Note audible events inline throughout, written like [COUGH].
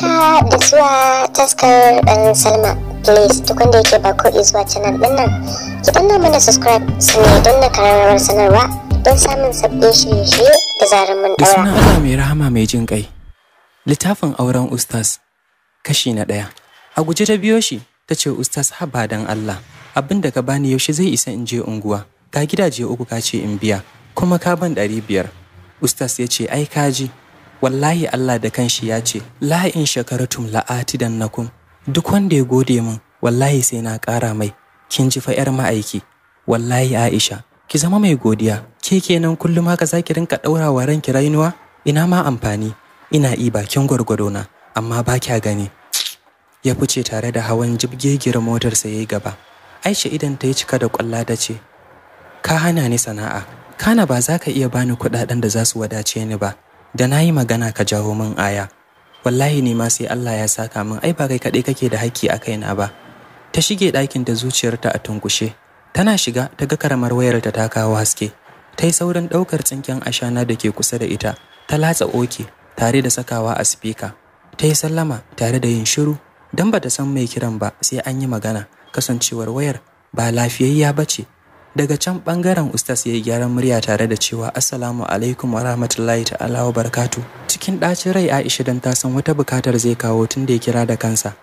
haka da zuwa taskar dan salma please duk wanda yake ba ko zuwa canal din nan ki danna mana subscribe su ne don na kararrawar sanarwa don samun sabbin shirye-shirye da zarar mun da suna mai rahama mai jin kai littafin auren ustaz kashi na ɗaya a guje ta biyo shi ta ce ustaz haba dan Allah abin da ka bani yaushe zai isa in je unguwa Ka gidaje uku ka ce in biya kuma ka ban ɗari biyar ustaz ya ce ai kaji wallahi Allah da kanshi ya ce la'in shakaratum la'ati dan nakum duk wanda ya gode min wallahi sai na ƙara mai kin ji fa yar ma'aiki wallahi Aisha ki zama mai godiya ke kenan kullum haka zaki rinka daura wa ranki rainuwa ina ma amfani ina i bakin na amma ba kya gani ya fice tare da hawan jibgegiyar motarsa ya yi gaba Aisha idan ta yi cika da kwalla ta ce ka hana ni sana'a kana ba za ka iya bani kuɗaɗen da za su wadace ni ba da na yi magana ka jawo min aya wallahi ne ma sai Allah ya saka min ai ba kai kaɗai kake da haƙƙi a kaina ba ta shige ɗakin da zuciyarta a tunkushe tana shiga ta ga karamar wayarta ta kawo haske ta yi saurin ɗaukar tsinken ashana da ke kusa da ita ta latsa oke tare da sakawa a sifika ta yi sallama tare da yin shiru don ba ta san mai kiran ba sai an yi magana kasancewar wayar ba lafiyayya ba ce daga can bangaren ustas ya yi gyaran murya tare da cewa assalamu alaikum wa rahmatullahi ta'ala wa barkatu cikin ɗacin rai aisha dan ta san wata bukatar zai kawo tun da ya kira da kansa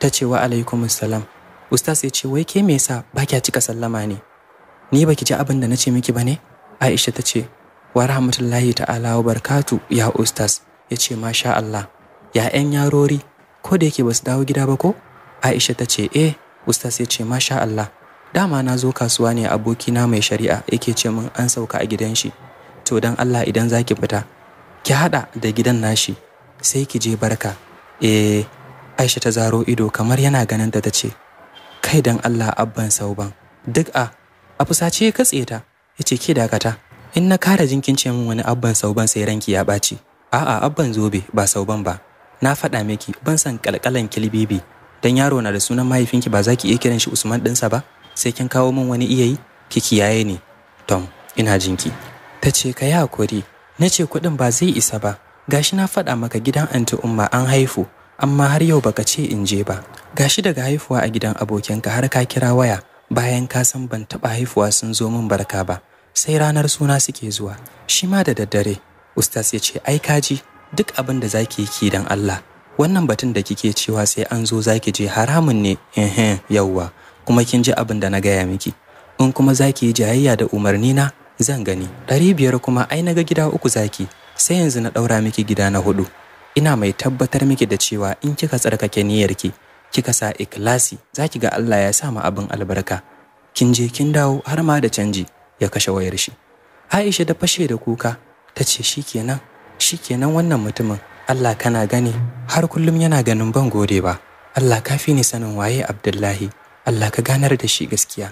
ta ce wa alaikum salam ustas ya ce wai ke me yasa ba kya cika sallama ne ni baki ji abin da na ce miki ba ne aisha ta ce wa rahmatullahi ta'ala wa barkatu ya ustas ya ce masha Allah ya 'yan yarori ko da yake ba su dawo gida ba ko aisha ta ce eh ustas ya ce masha Allah Dama na zo kasuwa ne abokina mai shari'a yake ce min an sauka a gidan shi. To don Allah idan za ki fita, ki haɗa da gidan nashi, sai ki je barka. Eh, Aisha ta zaro ido kamar yana ganin ta ce, Kai dan Allah abban sauban. Duk a, a fusace ya katse ta, ya ce ke dakata. In na kara jinkin ce min wani abban sauban sai ranki ya baci A'a abban zobe ba sauban ba. Na faɗa miki ban san kalkalan kilbibi. Dan yaro na da sunan mahaifinki ba za ki iya kiran shi Usman ɗinsa ba? sai kin kawo min wani iyayi ki kiyaye ni tom ina jinki ta ce ka yi hakuri na ce kuɗin ba zai isa ba gashi na faɗa maka gidan anti umma an haifu amma har yau baka ce in je ba gashi daga haifuwa a gidan abokinka har ka kira waya bayan ka san ban taɓa haifuwa sun zo min barka ba sai ranar suna suke zuwa shi ma da daddare ustas ya ce ai kaji duk abin da zaki yi ki dan Allah wannan batun da kike cewa sai an zo zaki je haramun ne ehem yawwa kuma kin ji abin da na gaya miki in kuma za ki yi jayayya da umarni na zan gani ɗari biyar kuma ai na ga gida uku zaki sai yanzu na ɗaura miki gida na hudu ina mai tabbatar miki da cewa in kika tsarkake niyyarki kika sa ikilasi za ki ga Allah ya sa ma abin albarka kin je kin dawo har ma da canji ya kashe wayar shi Aisha da fashe da kuka ta ce shikenan shikenan wannan mutumin Allah kana gani har kullum yana ganin ban gode ba Allah kafi ni sanin waye Abdullahi Allah ka ganar da shi gaskiya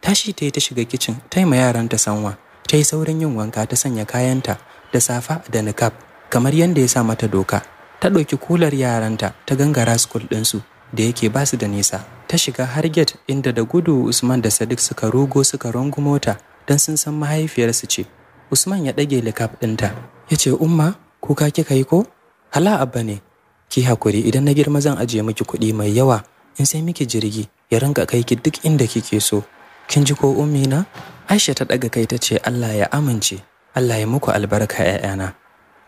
tashi ta yi ta shiga kicin ta yi ma yaranta sanwa ta yi saurin yin wanka ta sanya kayanta da safa da niqab kamar yadda ya sa mata doka ta ɗauki kular yaranta ta gangara school ɗinsu da yake ba su da nisa ta shiga har gate inda da gudu Usman da Sadiq suka rugo suka rungu mota don sun san mahaifiyarsu ce Usman ya ɗage likaf ɗinta ya ce umma kuka kika yi ko hala abba ne ki hakuri idan na girma zan ajiye miki kuɗi mai yawa in sai miki jirgi ya ringa kai ki duk inda kike so kin ji ko ummi na Aisha ta daga kai ta ce Allah ya amince Allah ya muku albarka ƴaƴana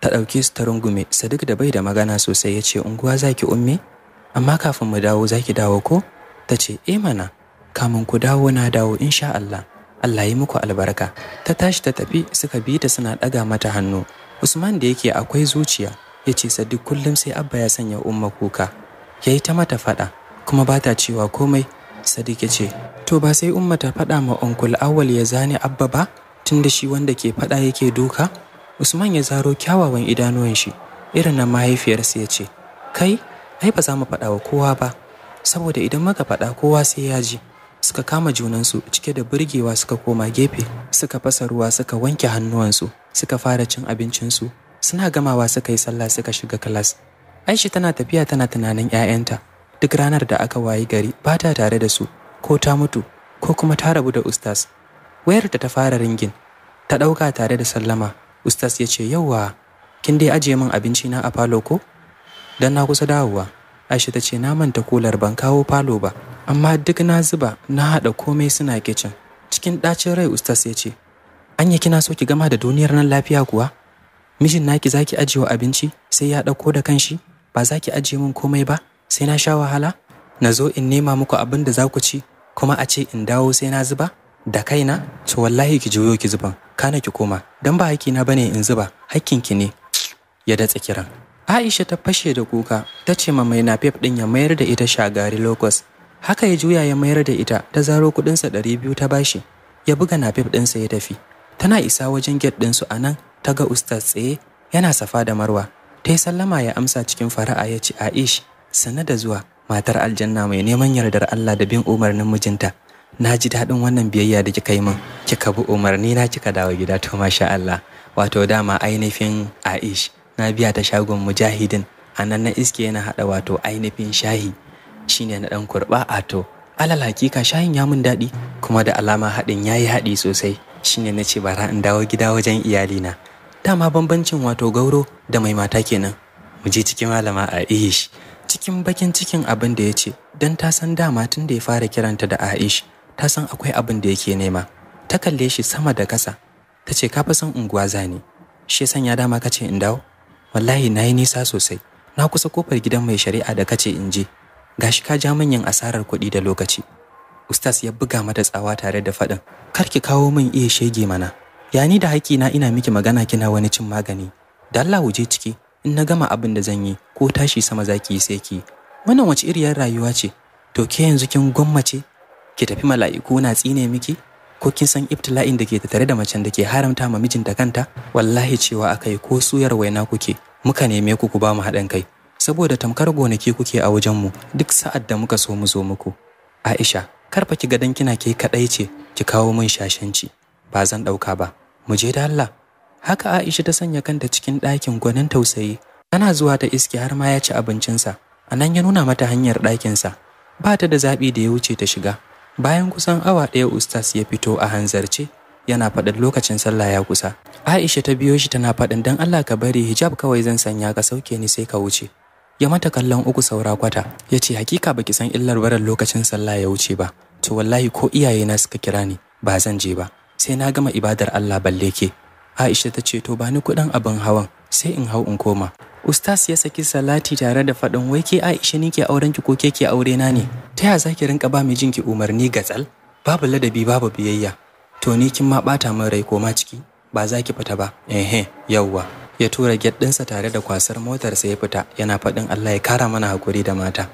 ta ɗauki su ta rungume Sadik da bai da magana sosai ya ce unguwa zaki ummi amma kafin mu dawo zaki dawo ko ta ce eh mana kamun ku dawo na dawo insha Allah Allah ya muku albarka ta tashi ta tafi suka bi ta suna ɗaga mata hannu Usman da yake akwai zuciya ya ce Sadiq kullum sai Abba ya sanya umma kuka yayi ta mata faɗa kuma ba ta cewa komai sadiq ya ce to ba sai umma ta faɗa ma onkul awal ya zane abba ba tunda shi wanda ke faɗa yake duka usman ya zaro kyawawan idanuwan shi irin na mahaifiyarsa ya ce kai ai ba za mu faɗa wa kowa ba saboda idan muka faɗa kowa sai ya ji suka kama junansu cike da burgewa suka koma gefe suka fasa ruwa suka wanke hannuwansu suka fara cin abincinsu suna gamawa suka yi sallah suka shiga kilas aisha tana tafiya tana tunanin 'ya'yanta duk ranar da aka wayi gari ba ta tare da su ko ta mutu ko kuma ta rabu da ustas wayar ta fara ringin ta ɗauka tare da sallama ustas ya ce yauwa kin dai ajiye min abinci na a falo ko dan na kusa dawowa aisha ta ce na manta kular ban kawo falo ba amma duk na zuba na haɗa komai suna kicin cikin ɗacin rai ustas ya ce anya kina so ki gama da duniyar nan lafiya kuwa mijin naki zaki ajiye abinci sai ya ɗauko da kanshi ba zaki ajiye min komai ba sai na sha wahala na zo in nema muku abin da za ku ci kuma a ce in dawo sai na zuba da kaina to wallahi ki juyo ki zuban kana ki koma dan ba haƙi na ne in zuba hakkin ki ne ya datsa kiran Aisha ta fashe da kuka ta ce ma mai nafef din ya mayar da ita shagari locust haka ya juya ya mayar da ita ta zaro kudinsa ɗari biyu ta bashi ya buga nafef ɗinsa ya tafi tana isa wajen get ɗinsu a nan ta ga ustaz tsaye yana safa da marwa ta yi sallama ya amsa cikin fara'a ya ce aish sannu da zuwa matar aljanna mai neman yardar Allah da bin umarnin mijinta na ji daɗin wannan biyayya da kika yi min kika bi umarni na kika dawo gida to masha Allah wato dama ainihin Aish na biya ta shagon mujahidin a nan na iske yana haɗa wato ainihin shahi shine na ɗan kurɓa ato alal hakika shayin ya mun daɗi kuma da alama haɗin ya yi haɗi sosai shine na ce bara in dawo gida wajen iyalina dama bambancin wato gauro da mai mata kenan mu je cikin malama a ish cikin bakin cikin abin da ya ce don ta san dama tun da ya fara kiranta da Aish ta san akwai abin da yake nema ta kalle shi sama da kasa ta ce ka san unguwa zane. shi san ya dama kace in dawo wallahi na yi nisa sosai na kusa kofar gidan mai shari'a da kace in je gashi ka ja manyan asarar kuɗi da lokaci Ustas ya buga mata tsawa tare da faɗin, Kar ki kawo min iya shege mana, ya ni da na ina miki magana kina wani cin magani, da Allah wuje ciki, in na gama abin da zan yi ko tashi sama za ki yi sai ki wannan wace iriyar rayuwa ce to ke yanzu kin gwammace ki tafi mala'iku na tsine miki ko kin san ibtila'in da ke tattare da macen da ke haramta ma mijinta kanta wallahi cewa akai ko suyar waina kuke muka neme ku ku ba mu haɗin kai saboda tamkar gonaki kuke a wajenmu duk sa'ad da muka so mu zo muku aisha karfa ki gadan kina ke kaɗai ce ki kawo min shashanci ba zan ɗauka ba mu je da Allah Haka Aisha ta sanya kanta cikin ɗakin gwanin tausayi. Tana zuwa ta iske har ma ya ci abincinsa. A nan ya nuna mata hanyar ɗakinsa. Ba ta da zaɓi da ya wuce ta shiga. Bayan kusan awa ɗaya Ustas ya fito a hanzarce. Yana faɗin lokacin sallah ya kusa. Aisha ta biyo shi tana faɗin don Allah ka bari hijab kawai zan sanya ka sauke ni sai ka wuce. Ya mata kallon uku saura kwata. Ya ce hakika baki san illar barin lokacin sallah ya wuce ba. To wallahi ko iyayena suka kira ni ba zan je ba. Sai na gama ibadar Allah balle ke. Aisha ta ce to ba ni kuɗin abin hawan sai in hau in koma. Ustas ya saki salati tare da faɗin wai ke Aisha ni ke auren ki ko ke ke aure na ne. Ta ya zaki rinka ba ki umarni gatsal? Babu ladabi babu biyayya. To ni kin ma ɓata min rai koma ciki ba za ki fita ba. Ehe yawwa. Ya tura gyat ɗinsa tare da kwasar motarsa ya fita yana faɗin Allah ya kara mana hakuri da mata.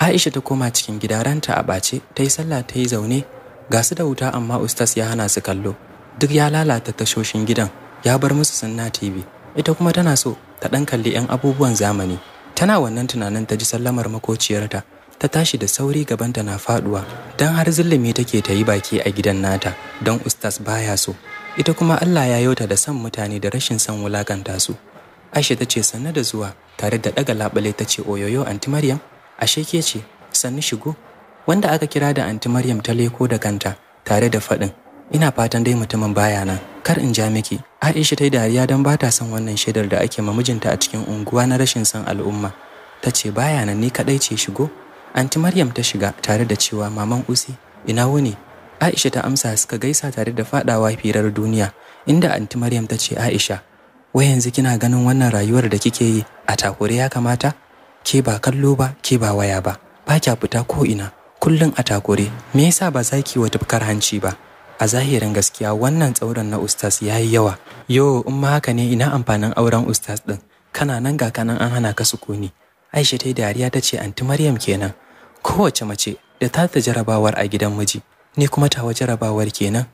Aisha ta koma cikin gida ranta a ɓace ta yi sallah ta yi zaune ga su da wuta amma ustas ya hana su kallo duk ya lalata tashoshin gidan ya bar musu sanna TV ita kuma tana so ta ɗan kalli 'yan abubuwan zamani tana wannan tunanin ta ji sallamar makociyarta ta tashi da sauri gabanta na faduwa dan har zulumi take ta yi baki a gidan nata don ustas baya so ita kuma Allah ya yauta da san mutane da rashin san wulakanta su Aisha ta ce sannu da zuwa tare da daga labale ta ce oyoyo anti Maryam ashe ke ce sannu shigo wanda aka kira da anti Maryam ta leko da kanta tare da faɗin ina fatan dai mutumin baya nan kar in ja miki aisha ta yi dariya don ba ta son wannan shaidar da ake mijinta a cikin unguwa na rashin son al'umma ta ce baya nan ni kaɗai ce shigo anti maryam ta shiga tare da cewa maman usi ina wuni aisha ta amsa suka gaisa tare da faɗawa firar duniya inda anti maryam ta ce aisha wai yanzu kina ganin wannan rayuwar da kike yi a takure ya kamata ke ba kallo ba ke ba waya ba ba kya fita ko ina kullum a takure me yasa ba za ki wa tufkar hanci ba a zahirin gaskiya wannan tsauran na ustas ya yi yawa yo in ma haka ne ina amfanin auren ustas ɗin kana nan ga kanan an hana ka sukuni aisha ta yi dariya ta ce anti maryam kenan kowace mace da ta ta jarabawar a gidan miji ni kuma tawa jarabawar kenan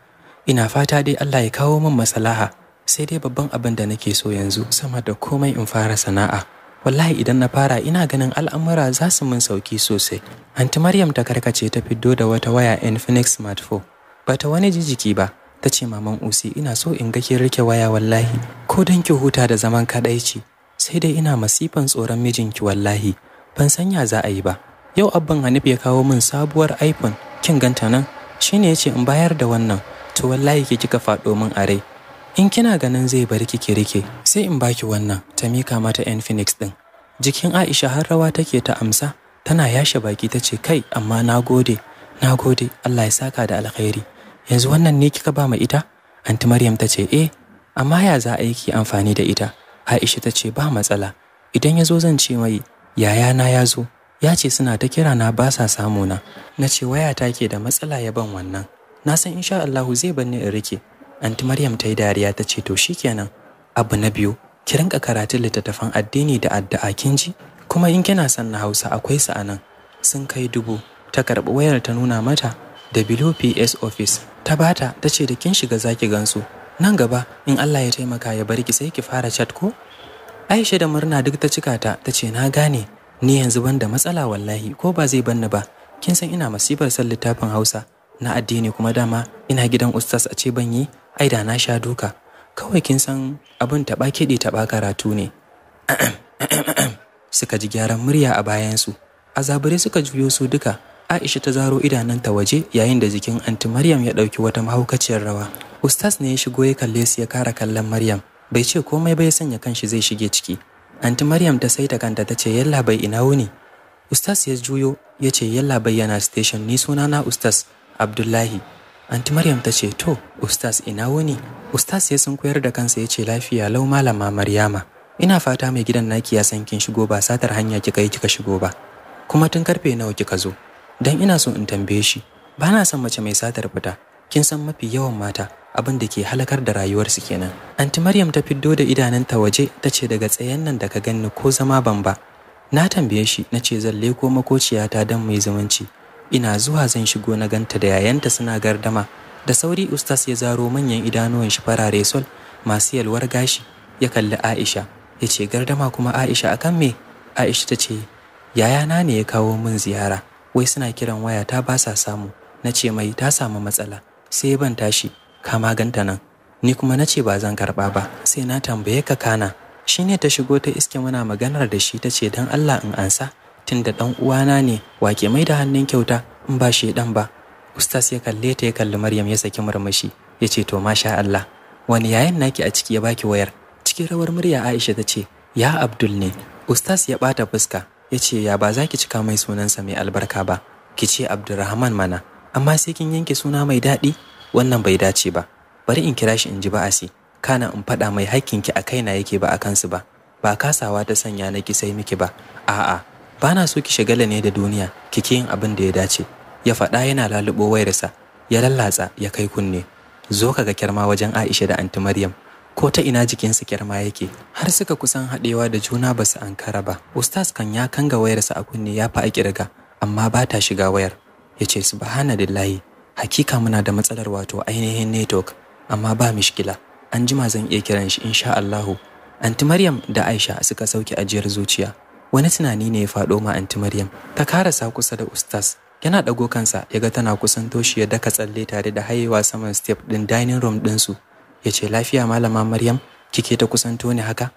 ina fata dai allah ya kawo min masalaha. sai dai babban abin da nake so yanzu sama da komai in fara sana'a wallahi idan na fara ina ganin al'amura za su min sauki sosai anti maryam ta karkace ta fiddo da wata waya infinix smart ba ta wani jijiki ba ta ce maman usi ina so in ga ki rike waya wallahi ko don ki huta da zaman kadaici sai dai ina masifan tsoron mijinki wallahi ban san ya za a yi ba yau abban hanif ya kawo min sabuwar iphone kin ganta nan shine ya ce in bayar da wannan to wallahi ki kika faɗo min a rai in kina ganin zai bar ki rike sai in baki wannan ta mika mata infinix din jikin Aisha har rawa take ta amsa tana yashe baki ta ce kai amma na gode na gode Allah ya saka da alkhairi yanzu wannan ne kika ba ma ita anti maryam ta ce eh amma ya za a yi ki amfani da ita aisha ta ce ba matsala idan ya zo zan ce mai yayana ya zo ya ce suna ta kira na ba sa samu na ce wayata ke da matsala ya ban wannan na san insha Allahu zai banne in rike anti maryam ta yi dariya ta ce to shikenan abu na biyu ki rinka karatun littattafan addini da addu'a kin ji kuma in kina son na Hausa akwai su anan sun kai dubu ta karɓi wayar ta nuna mata da below PS office ta bata ta ce da kin shiga zaki gansu nan gaba in Allah ya taimaka ya bar ki sai ki fara chat ko Aisha da murna duk ta cika ta ta ce na gane ni yanzu ban da matsala wallahi ko ba zai banni ba kin san ina masifar san littafin Hausa na addini kuma dama ina gidan ustaz a ce ban yi ai da na sha duka kawai kin san abin taɓa kiɗi taɓa karatu ne [CLEARS THROAT] suka ji gyaran murya a bayansu A azabure suka juyo su duka Aisha ta zaro idanunta waje yayin da jikin anti Maryam ya ɗauki wata mahaukaciyar rawa. Ustas ne ya shigo ya kalle su ya kara kallon Maryam. Bai ce komai ba ya sanya kanshi zai shige ciki. Anti Maryam ta saita kanta ta ce yalla bai ina wuni. Ustaz ya juyo ya ce yalla bai yana station ni sunana Ustas Abdullahi. Anti Maryam ta ce to Ustas, ina wuni. Ustas ya koyar da kansa ya ce lafiya lau malama Maryama. Ina fata mai gidan naki ya san kin shigo ba satar hanya kika yi kika shigo ba. Kuma tun karfe nawa kika zo? don ina so in tambaye shi ba na son mace mai satar fita kin san mafi yawan mata abin da ke halakar da rayuwarsu kenan anti maryam ta fiddo da idanunta waje ta ce daga tsayen nan da ka ganni ko zama ban ba na tambaye shi na ce zan leko makociyata don mai zumunci ina zuwa zan shigo na ganta da yayanta suna gardama da sauri ustas ya zaro manyan idanuwan shi farare sol masu yalwar gashi ya kalli aisha ya ce gardama kuma aisha akan me aisha ta ce yayana ne ya kawo min ziyara wai suna kiran waya ta ba sa samu na ce mai ta samu matsala sai ban tashi kama ganta nan ni kuma na ce ba zan karɓa ba sai na tambaye ka kana shi ne ta shigo ta iske muna maganar da shi ta ce don Allah in ansa Tunda da ɗan uwana ne wake mai da hannun kyauta in ba shi dan ba ustas ya kalle ta ya kalli maryam ya saki murmushi ya ce to masha Allah wani yayin naki a ciki ya baki wayar cikin rawar murya aisha ta ce ya abdul ne ustas ya bata fuska ya ce ya ba za ki cika mai sunansa mai albarka ba ki ce abdurrahman mana amma sai kin yanke suna mai daɗi wannan bai dace ba bari in kira shi in ji ba'asi kana in faɗa mai ki a kaina yake ba a kansu ba ba kasawa ta sanya na ki sai miki ba a'a ba na so ki shagala ne da duniya kike yin abin da ya dace ya faɗa yana lalubo wayarsa ya lallatsa ya kai kunne zo ka ga kyarma wajen Aisha da Anti Maryam ko ta ina jikinsu kirma yake har suka kusan haɗewa da juna ba su ankara ba ustaz kan ya kanga wayarsa a kunne ya fa a kirga amma ba ta shiga wayar ya ce subhanallahi hakika muna da matsalar wato ainihin network amma ba mishkila an jima zan iya kiran shi insha Allahu anti Maryam da Aisha suka sauke ajiyar zuciya wani tunani ne ya faɗo ma anti Maryam ta karasa kusa da ustaz yana ɗago kansa Yaga tana kusan toshi ya daka tsalle tare da hayewa saman step ɗin dining room ɗinsu ya ce lafiya malama Maryam kike ta kusanto ni haka?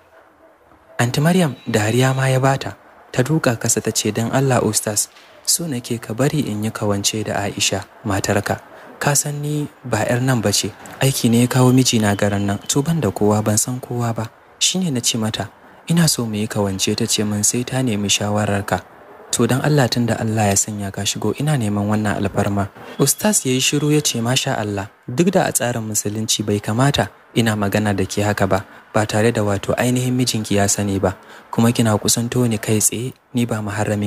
Anti Maryam da dariya ma ya bata ta duka kasa ta ce don Allah Ustaz so nake ka bari in yi kawance da Aisha matarka. Ka san ni ba 'yar nan ba ce, aiki ne ya kawo miji na garin nan, to ban da kowa ban san kowa ba. Shine na ce mata, ina so mu yi kawance ta ce min sai ta nemi shawararka. to don Allah tun da Allah ya sanya ka shigo ina neman wannan alfarma ustaz yi shiru ya ce masha Allah duk da a tsarin musulunci bai kamata ina magana da ke haka ba ba tare da wato ainihin mijinki ya sani ba kuma kina kusanto ni kai tsaye ni ba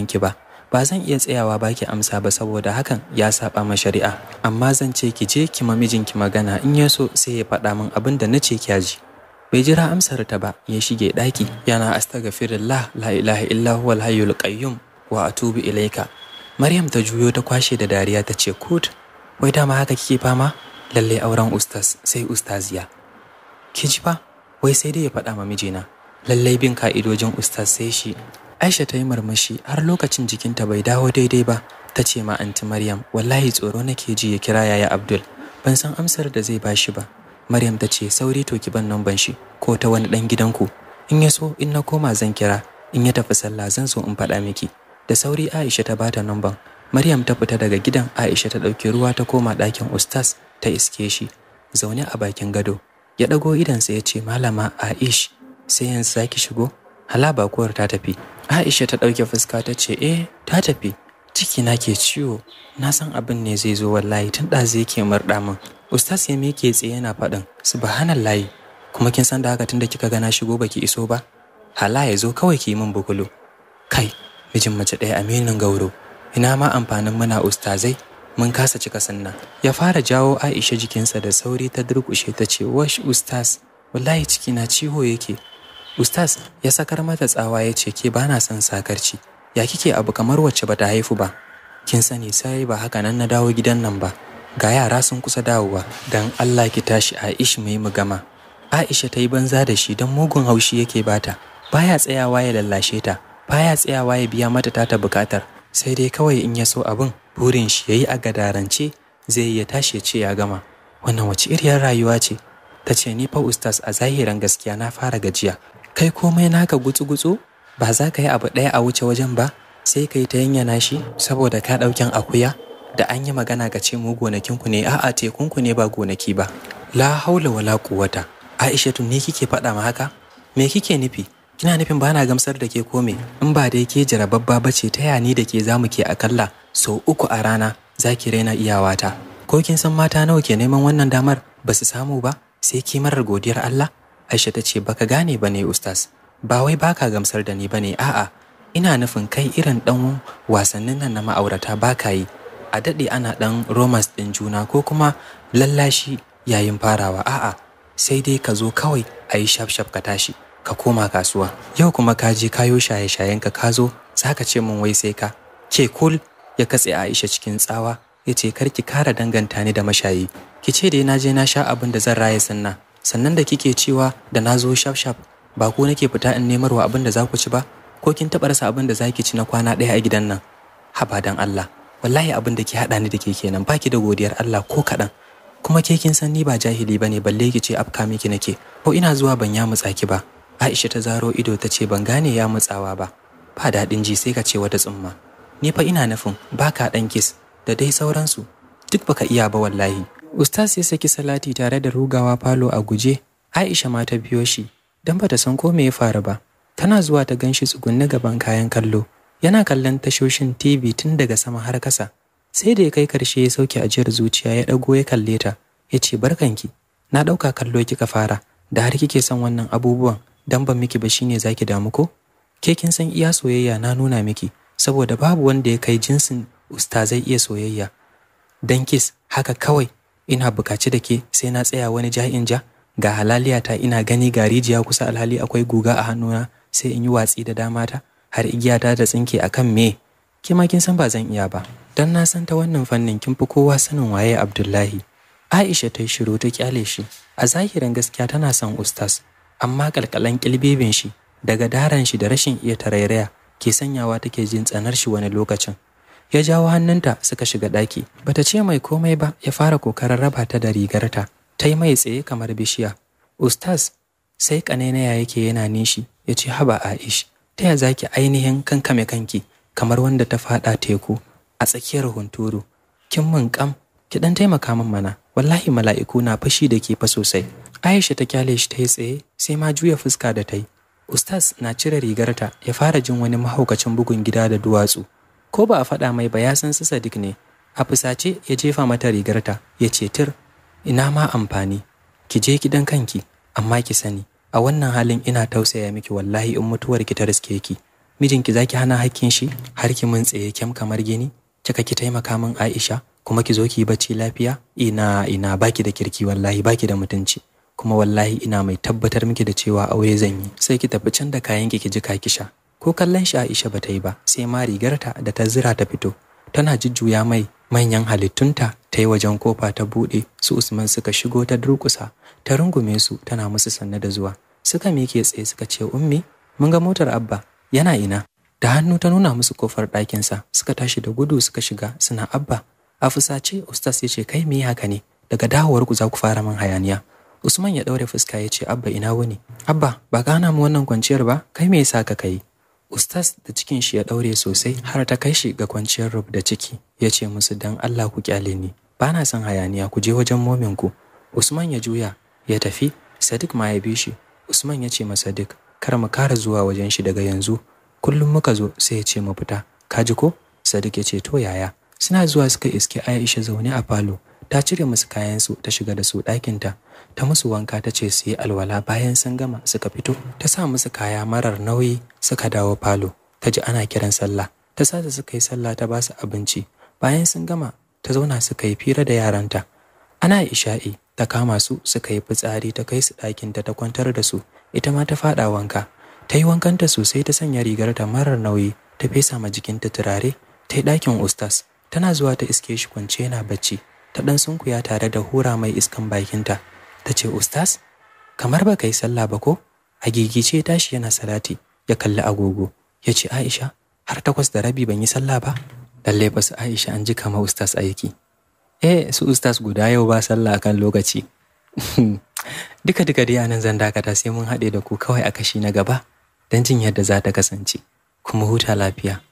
ki ba ba zan iya tsayawa ba ki amsa ba saboda hakan ya saba ma shari'a amma zan ce ki je ki ma mijinki magana in ya so sai ya faɗa min abin da na ce ki ji bai jira amsar ta ba ya shige ɗaki yana astaghfirullah la ilaha illahu huwal hayyul qayyum wa atubu ilaika maryam ta juyo ta kwashe da dariya ta ce kut wai dama haka kike fama lalle auren ustaz sai ustaziya Ki ji fa wai sai dai ya faɗa ma mijina lallai bin ka'idojin ustaz sai shi aisha ta yi murmushi har lokacin jikinta bai dawo daidai ba ta ce ma anti maryam wallahi tsoro nake ji ya kira yaya abdul ban san amsar da zai bashi ba maryam ta ce sauri to ki ban ban shi ko ta wani dan gidanku in ya so in na koma zan kira in ya tafi sallah zan so in faɗa miki da sauri Aisha ta bata numban Maryam ta fita daga gidan Aisha ta ɗauki ruwa ta koma ɗakin ustaz ta iske shi zaune a bakin gado ya ɗago idansa ya ce malama Aish sai yanzu zaki shigo hala bakuwar ta tafi Aisha ta ɗauke fuska ta ce eh ta tafi ciki na ke ciwo na san abin ne zai zo wallahi tun da zai ke murɗa min ustaz ya mike tsaye yana faɗin subhanallahi kuma kin san da haka tunda kika gana shigo baki iso ba hala ya zo kawai ki yi min bukulu kai mijin mace ɗaya aminin gauro ina ma amfanin muna ustazai mun kasa cika sunna ya fara jawo aisha jikinsa da sauri ta durƙushe ta ce wash ustaz wallahi ciki na ciwo yake ustaz ya sakar mata tsawa ya ce ke bana son sakarci ya kike abu kamar wacce bata haifu ba kin sani sai ba haka nan na dawo gidan nan ba ga yara sun kusa dawowa dan Allah ki tashi Aisha mai mu gama Aisha ta yi banza da shi don mugun haushi yake bata baya tsayawa ya lallashe ta baya tsayawa ya biya mata tata bukatar sai dai kawai in ya so abin burin shi yayi a gadarance zai iya tashi ya ce ya gama wannan wace iriyar rayuwa ce ta ce ni fa ustaz a zahiran gaskiya na fara gajiya kai komai naka gutsu-gutsu ba za ka yi abu ɗaya a wuce wajen ba sai ka yi ta yanyana shi saboda ka ɗauken akuya da an yi magana ga ce mu gonakinku ne a'a ku ne ba gonaki ba la haula wala quwwata Aisha ne kike faɗa ma haka me kike nufi Ina nufin bana gamsar da ke kome, in ba dai ke jarababba ba ce ta yani da ke zamu ke akalla sau uku a rana za ki raina iyawata. Ko kin san mata nawa ke neman wannan damar ba su samu ba sai ki marar godiyar Allah? Aisha ta ce baka gane ba ne ustaz, ba wai baka gamsar da ni ba ne a'a ina nufin kai irin ɗan wasannin nan na ma'aurata baka yi a daɗe ana ɗan romans ɗin juna ko kuma lallashi yayin farawa a'a sai dai ka zo kawai a yi shaf ka tashi. ka koma kasuwa yau kuma ka je kayo shaye-shayenka ka zo za ka ce min wai sai ka ke kul ya katse Aisha cikin tsawa ya ce kar ki kara danganta ni da mashayi ki ce dai na je na sha abin da zan raye sannan sannan da kike cewa da na zo shaf shaf ba ko nake fita in nemarwa abin da za ku ci ba ko kin taɓa rasa abin da za ki ci na kwana ɗaya a gidan nan haba dan Allah wallahi abin da ki haɗa ni da ke kenan ba ki da godiyar Allah ko kaɗan kuma ke kin san ni ba jahili ba ne balle ki ce afka miki nake ko ina zuwa ban ya mutsa ki ba Aisha ta zaro ido ta ce ban gane ya mutsawa ba. Ba daɗin ji sai ka ce wata tsumma. Ni fa ina nufin baka ɗan kis da dai sauransu. Duk baka iya ba wallahi. Ustaz ya saki salati tare da rugawa falo a guje. Aisha ma ta biyo shi don bata san ko me ya faru ba. Tana zuwa ta ganshi tsugunni gaban kayan kallo. Yana kallon tashoshin TV tun daga sama har kasa. Sai da ya kai karshe ya sauke ajiyar zuciya ya ɗago ya kalle ta. Ya ce barkanki. Na ɗauka kallo kika fara da har kike son wannan abubuwan dan ban miki ba shine zaki damu ko ke kin san iya soyayya na nuna miki saboda babu wanda ya kai jinsin zai iya soyayya dan kis haka kawai ina bukaci da ke sai na tsaya wani ja'in ja ga halaliyata ina gani ga rijiya kusa alhali akwai guga a hannuna sai in yi watsi da dama ta har igiya ta da tsinke akan me ke ma kin san ba zan iya ba dan na san ta wannan fannin kin fi kowa sanin waye Abdullahi Aisha ta yi shiru ta kyale shi a zahirin gaskiya tana son Ustas. amma kalkalan kilbebin shi daga daran shi da rashin iya tarairaya ke sanyawa take jin tsanar shi wani lokacin ya jawo hannunta suka shiga ɗaki bata ce mai komai ba ya fara kokarin raba ta da rigarta ta yi mai tsaye kamar bishiya ustaz sai kanenaya yake yana nishi ya ce haba aish ta ya zaki ainihin kankame kanki kamar wanda ta faɗa teku a tsakiyar hunturu kin mun kam ki dan taimaka min mana wallahi mala'iku na fashi da ke fa sosai Aisha ta kyale shi ta yi tsaye sai ma juya fuska da ta yi. Ustaz na cire rigarta ya fara jin wani mahaukacin bugun gida da duwatsu. Ko ba a faɗa mai ba ya san su Sadiq ne. A fusace ya jefa mata rigarta ya ce tir ina ma amfani ki je gidan kanki amma ki sani a wannan halin ina tausaya miki wallahi in mutuwar ki ta riske ki. Mijinki ki hana hakkin shi har ki mun tsaye kyam kamar gini kika ki taimaka min Aisha kuma ki zo ki yi bacci lafiya ina ina baki da kirki wallahi baki da mutunci. kuma wallahi ina mai tabbatar miki da cewa aure zan yi sai ki tafi can da kayan ki ji ka kisha. ko kallon shi Aisha ba ta yi ba sai ma rigarta da ta zira ta fito tana jujjuya mai manyan halittunta ta yi wajen kofa ta buɗe su Usman suka shigo ta durkusa ta rungume su tana musu sanna da zuwa suka miƙe tsaye suka ce ummi mun ga motar abba yana ina da hannu ta nuna musu kofar ɗakinsa suka tashi da gudu suka shiga suna abba a fusace ustaz ya ce kai me haka ne daga dawowar ku za ku fara min hayaniya Usman ya ɗaure fuska ya ce Abba ina wuni. Abba ba ka hana mu wannan kwanciyar ba kai me yasa ka kai? Ustas da cikin shi ya ɗaure sosai har ta kai shi ga kwanciyar rub da ciki ya ce musu dan Allah ku kyale ni ba na son hayaniya ku je wajen momin ku. Usman ya juya ya tafi Sadiq ma ya bi shi. Usman ya ce ma Sadiq kar mu kara zuwa wajen shi daga yanzu kullum muka zo sai ya ce mu fita ka ji ko? Sadiq ya ce to yaya suna zuwa suka iske Aisha zaune a falo ta cire musu kayansu ta shiga da su ɗakinta ta musu wanka ta ce su yi alwala bayan sun gama suka fito ta sa musu kaya marar nauyi suka dawo falo ta ji ana kiran sallah ta sata suka yi sallah ta basu abinci bayan sun gama ta zauna suka yi fira da yaranta ana isha'i ta kama su suka yi fitsari ta kai su ɗakinta ta kwantar da su ita ma ta faɗa wanka ta yi wankanta sosai ta sanya rigarta marar nauyi ta fesa ma jikinta turare ta yi ɗakin ustas tana zuwa ta iske shi kwance yana bacci ta ɗan sunkuya tare da hura mai iskan bakinta ta ce ustaz kamar ba ka yi sallah ba ko a gigice tashi yana salati ya kalli agogo ya ce aisha har takwas da rabi ban yi sallah ba lalle ba su aisha an ji kama ustaz aiki eh su ustaz guda yau ba sallah kan lokaci [LAUGHS] duka duka dai anan zan dakata sai mun haɗe da ku kawai a kashi na gaba don jin yadda za ta kasance kuma huta lafiya